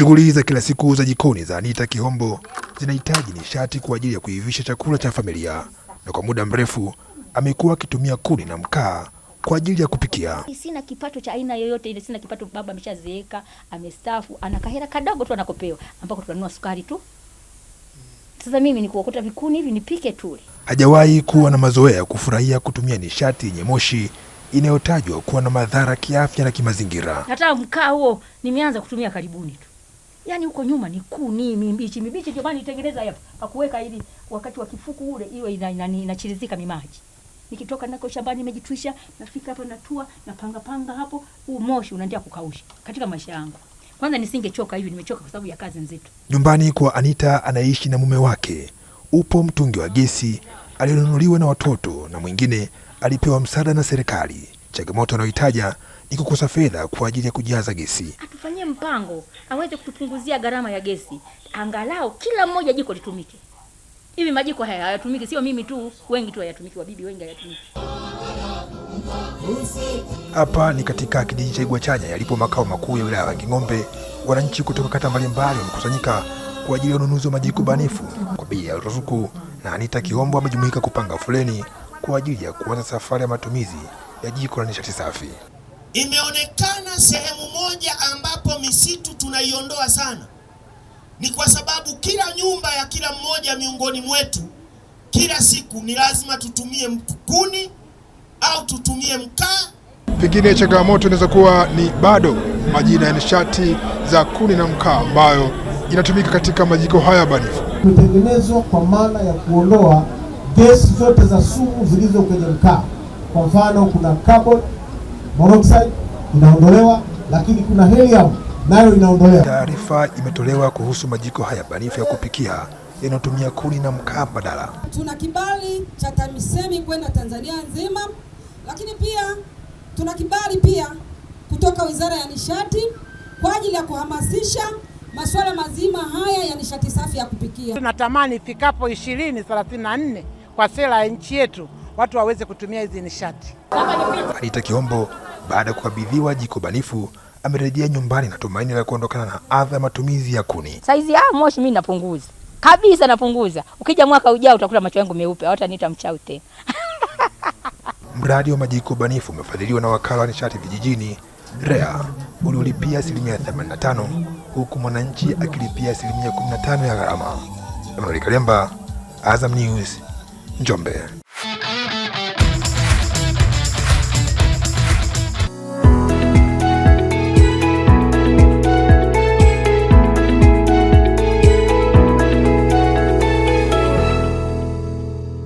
Shughuli za kila siku za jikoni za Anita Kihombo zinahitaji nishati kwa ajili ya kuivisha chakula cha familia, na kwa muda mrefu amekuwa akitumia kuni na mkaa kwa ajili ya kupikia. Sina kipato cha aina yoyote ile, sina kipato. Baba ameshazeeka, amestaafu, ana kahera kadogo tu anakopewa, ambako tunanua sukari tu. Sasa mimi nikuokota vikuni hivi nipike tu. Hajawahi kuwa na mazoea ya kufurahia kutumia nishati yenye moshi inayotajwa kuwa na madhara kiafya na kimazingira. Hata mkaa huo nimeanza kutumia karibuni tu. Yaani huko nyuma ni kuni mibichi mibichi, ndio maana nitengeneza hapa pa kuweka, ili wakati wa kifuku ule iwe inachirizika ina, ina mimaji. Nikitoka nako shambani nimejitwisha, nafika hapa natua, na panga panga hapo, huu moshi unaendea kukausha katika maisha yangu. Kwanza nisingechoka hivi, nimechoka kwa sababu ya kazi nzito. Nyumbani kwa Anita anaishi na mume wake, upo mtungi wa gesi alionunuliwa na watoto na mwingine alipewa msaada na serikali. Changamoto anayoitaja ni kukosa fedha kwa ajili ya kujaza gesi mpango aweze kutupunguzia gharama ya gesi, angalau kila mmoja jiko litumike. Hivi majiko haya hayatumiki, sio mimi tu, wengi tu hayatumiki, wabibi wengi hayatumiki. Hapa ni katika kijiji cha Igwachanya yalipo makao makuu ya wilaya ya Wanging'ombe. Wananchi kutoka kata mbalimbali wamekusanyika kwa ajili ya ununuzi wa majiko banifu kwa bei ya ruzuku, na Anita Kiombo amejumuika kupanga foleni kwa ajili ya kuanza safari ya matumizi ya jiko la nishati safi. Imeonekana sehemu moja ambapo misitu tunaiondoa sana ni kwa sababu kila nyumba ya kila mmoja miongoni mwetu kila siku ni lazima tutumie kuni au tutumie mkaa. Pengine changamoto inaweza kuwa ni bado majina ya nishati za kuni na mkaa ambayo inatumika katika majiko haya banifu kutengenezwa kwa maana ya kuondoa gesi zote za sumu zilizo kwenye mkaa. Kwa mfano kuna carbon monoxide inaondolewa, lakini kuna helium nayo inaondolewa. Taarifa imetolewa kuhusu majiko haya barifu ya kupikia yanayotumia kuni na mkaa badala. Tuna kibali cha TAMISEMI kwenda Tanzania nzima, lakini pia tuna kibali pia kutoka Wizara ya Nishati kwa ajili ya kuhamasisha masuala mazima haya ya nishati safi ya kupikia. Tunatamani ifikapo 2034 kwa sera ya nchi yetu watu waweze kutumia hizi nishati. Anita Kiombo baada ya kukabidhiwa jiko banifu amerejea nyumbani na tumaini la kuondokana na adha ya matumizi ya kuni. Saizi ya ah, moshi mimi napunguza kabisa, napunguza. Ukija mwaka ujao utakuta macho yangu meupe, hawataniita mchawi tena. Mradi wa majiko banifu umefadhiliwa na wakala wa nishati vijijini REA uliolipia asilimia 85 huku mwananchi akilipia asilimia 15 ya gharama. Emmanuel Kalemba, Azam News, Njombe.